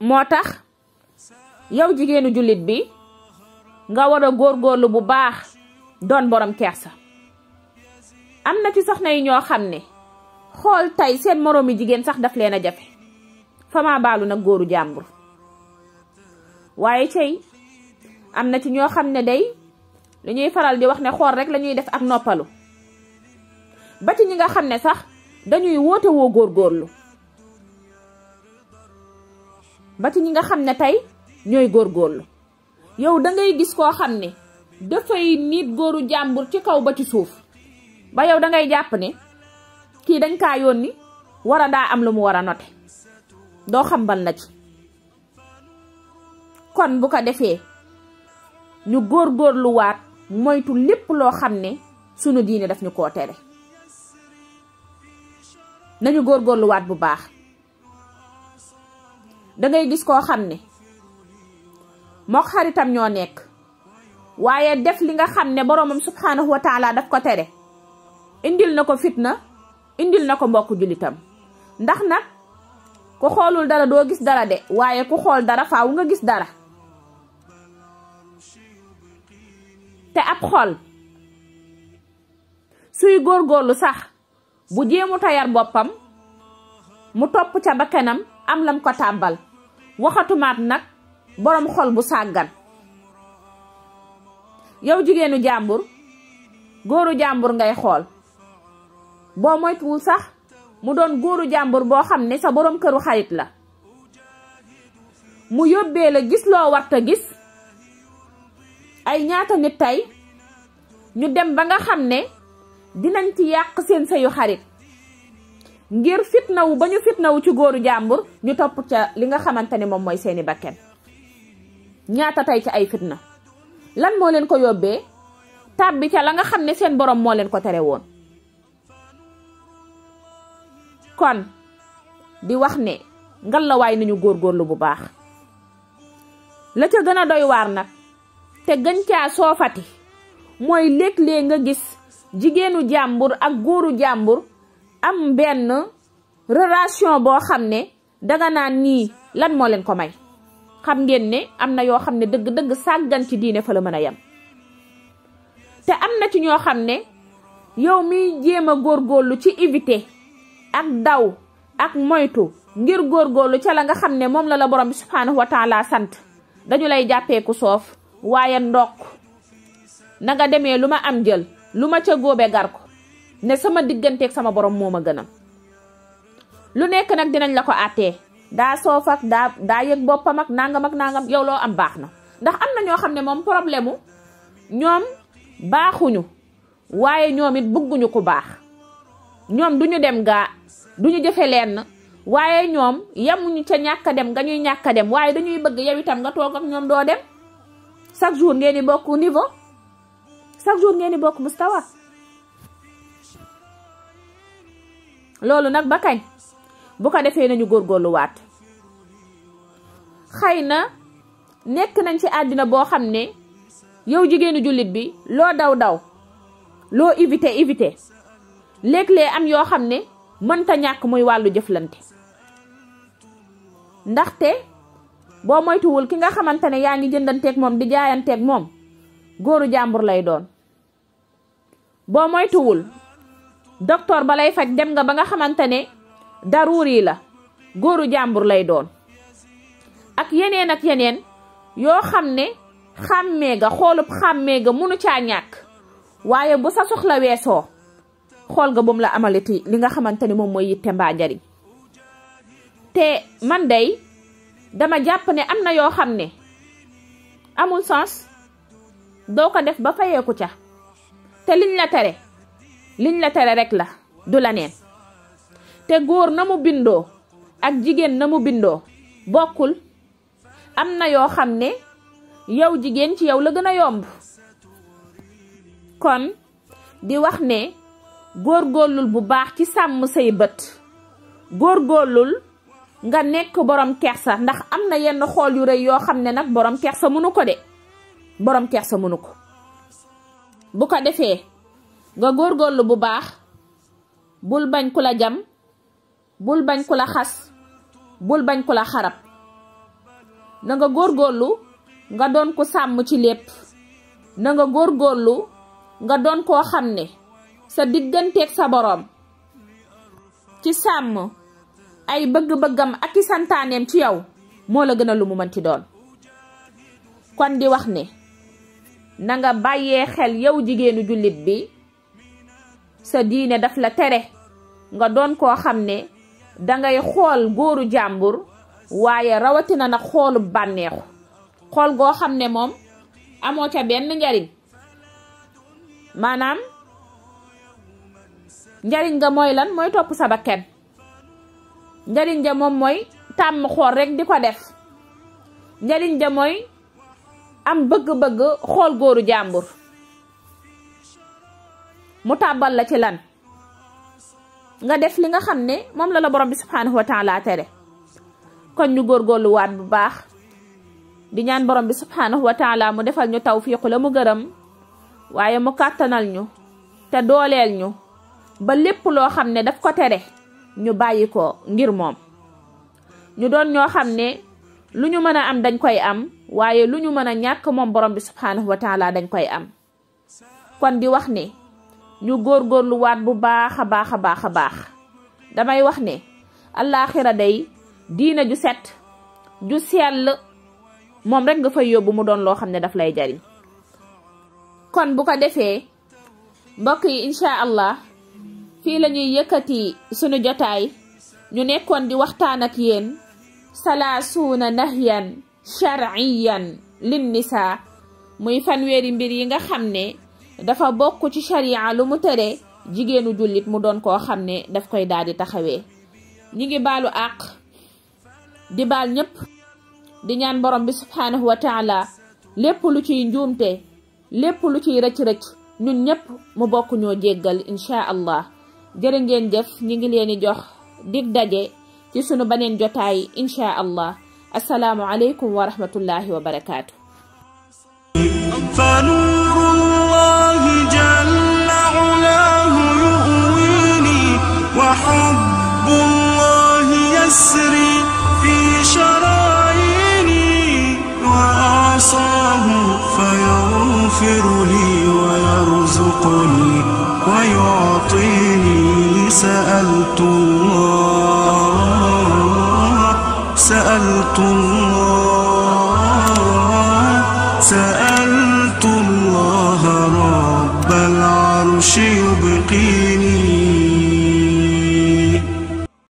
moo tax yow jigéenu jullit bi nga war a góorlu bu baax doon borom kersa am na ci soxna yi ñoo xam ne xool tey seen moroomi jigéen sax daf leen a jafe famaa baalu nag góoru jàmbur waaye tey am na ci ñoo xam ne day lu ñuy faral di wax ne xool rek lañuy def ak noppalu ba ci ñi nga xam ne sax dañuy woote woo góorlu ba ci ñi nga xam ne tey ñooy góor góorlu yow da gis koo xam ne dafay niit góoru jàmbur ci kaw ba ci suuf ba yow dangay jàpp ne kii dañ kaa yónni war a daa am lu mu war a note doo xam ban la ci kon bu ko defee ñu góorgóorluwaat moytu lépp loo xam ne sunu diine daf ñu koo tere nañu góor góorgóorluwaat bu baax da ngay gis koo xam ne mook xaritam ñoo nekk waaye def li nga xam ne boroomam subhaanahu wa taala daf ko tere indil na ko fitna indil na ko mbokk jullitam ndax na ku xoolul dara doo gis dara de waaye ku xool dara faaw nga gis dara te ab xol suy góorgóorlu sax bu jéemu tayar boppam mu topp ca bakkanam am lam ko tàbbal waxatumaat nag boroom xol bu sàggan yow jigéenu jàmbur góoru jàmbur ngay xool boo moytuwul sax mu doon góoru jàmbur boo xam ne sa boroom këru xarit la mu yóbbee la gis loo warta gis ay ñaata nit tey ñu dem ba nga xam ne dinañ ci yàq seen sëyu xarit ngir fitnawu ba ñu fitnawu ci góoru jàmbur ñu topp ca li nga xamante ne moom mooy seeni bakken ñaata tey ci ay fitna lan moo leen ko yóbbee tàbbi ca la nga xam ne seen borom moo leen ko tere woon kon di wax ne ngalawaay nañu góorgóorlu bu baax la ca gën a doy waar nag te gën caa soofati mooy léeg-léeg nga gis jigéenu jàmbur ak góoru jàmbur am benn relation boo xam ne danga naan nii lan moo leen ko may xam ngeen ne am na yoo xam ne dëgg-dëgg sàggan ci diine fa la mën a yem te am na ci ñoo xam ne yow mi jéem a góorgóorlu ci éviter ak daw ak moytu ngir góor góorlu ca la nga xam ne moom la la borom bi subhaanahu wa taala sant dañu lay jàppeeku soof waaye ndokk nanga demee lu ma am jël lu ma ca góobe gar ko ne sama digganteek sama borom moom a gënal lu nekk nag dinañ la ko àttee daa soof ak daa daa yëg boppam ak nangam ak nangam yow loo am baax na ndax am na ñoo xam ne moom problème mu ñoom baaxuñu waaye ñoom it bëgguñu ku baax ñoom duñu dem gaa duñu jëfe lenn waaye ñoom yemuñu ca ñàkk dem nga ñuy ñàkka dem waaye dañuy bëgg yow itam nga toog ak ñoom doo dem chaque jour ngeen di bokk niveau chaque jour ngeen di bokk mustawa loolu nag ba kañ bu ko defee nañu góor góorgóorluwaat xëy na nekk nañ ci àddina boo xam ne yow jigéenu jullit bi loo daw daw loo éviter éviter léeg am yoo xam ne mënta ñàkk muy wàllu jëflante ndaxte boo moytuwul ki nga xamante ne yaa ngi jëndanteeg moom di jaayanteeg moom góoru jàmbur lay doon boo moytuwul docteur ba lay faj dem nga ba nga xamante ne daruuri la góoru jàmbur lay doon ak yeneen ak yeneen yoo xam ne xàmmee ga xoolub xàmmee ga munu caa ñàkk waaye bu sa soxla weesoo xool nga bum la amalati li nga xamante ne moom mooy yitte mbaa te man dey dama jàpp ne am na yoo xam ne amul sens doo ko def ba fayeeku ca te liñ la tere liñ la tere rek la du la neen te góor na mu bindoo ak jigéen na mu bindoo bokkul am na yoo xam ne yow jigéen ci yow la gën a yomb kon di wax ne góor góorlul bu baax ci sàmm say bët góor góorlul nga nekk borom kersa ndax am na yenn xool yu rëy yoo xam ne nag borom kersa mënu ko de borom kersa mënu ko bu ko defee nga góor góorgóorlu bu baax bul bañ ku la jam bul bañ ku la xas bul bañ ku la xarab na nga góorlu nga doon ko sàmm ci lépp na nga góorlu nga doon koo xam ne sa digganteek sa boroom ci sàmm ay bëgg-bëggam ak i santaaneem ci yow moo la gën a lu mu mënti doon kon di wax ne na nga bàyyee xel yow jigéenu jullit bi sa diine daf la tere nga doon koo xam ne dangay xool góoru jàmbur waaye rawatina nag xoolu bànneexu xool goo xam ne moom amoo ca benn njariñ maanaam njariñ nga mooy lan mooy topp sa bakkan njariñ ja moom mooy tàmm xool rek di ko def njariñ ja mooy am bëgg-bëgg xool góoru jàmbur mu tàbbal la ci lan nga def li nga xam ne moom la la borom bi subhaanahu tere kon ñu góorgóorluwaat bu baax di ñaan borom bi subhaanahu mu defal ñu taw tawfiiqu la mu gërëm waaye mu kàttanal ñu te dooleel ñu ba lépp loo xam ne daf ko tere ñu bàyyi ko ngir moom ñu doon ñoo xam ne lu ñu mën a am dañ koy am waaye lu ñu mën a ñàkk moom borom bi subhaanahu wa taala dañ koy am kon di wax ne ñu góor góorgóorluwaat bu baax a baax a baax a baax damay wax ne allaaxira day diina ju set ju sell moom rek nga fay yóbbu mu doon loo xam ne dafa lay jariñ kon bu ko defee mbokk yi incha allah fii lañuy ñuy yëkkati sunu jotaay ñu nekkoon di waxtaan ak yéen salaasuuna nahyan shar'iyan lin nisaa muy fanweeri mbir yi nga xam ne dafa bokk ci sharia lu mu tere jigéenu jullit mu doon koo xam ne daf koy daal di taxawee ñu ngi baalu àq di baal ñëpp di ñaan borom bi subhaanahu wa lépp lu ciy njuumte lépp lu ciy rëcc-rëcc ñun ñëpp mu bokk ñoo jéggal inchaa allah jërë ngeen jëf ñi ngi leen di jox dig daje ci sunu beneen jotaay inchaa allah asalaamu aleykum wa wa barakaatu. يغفر لي ويرزقني ويعطيني سألت الله سألت الله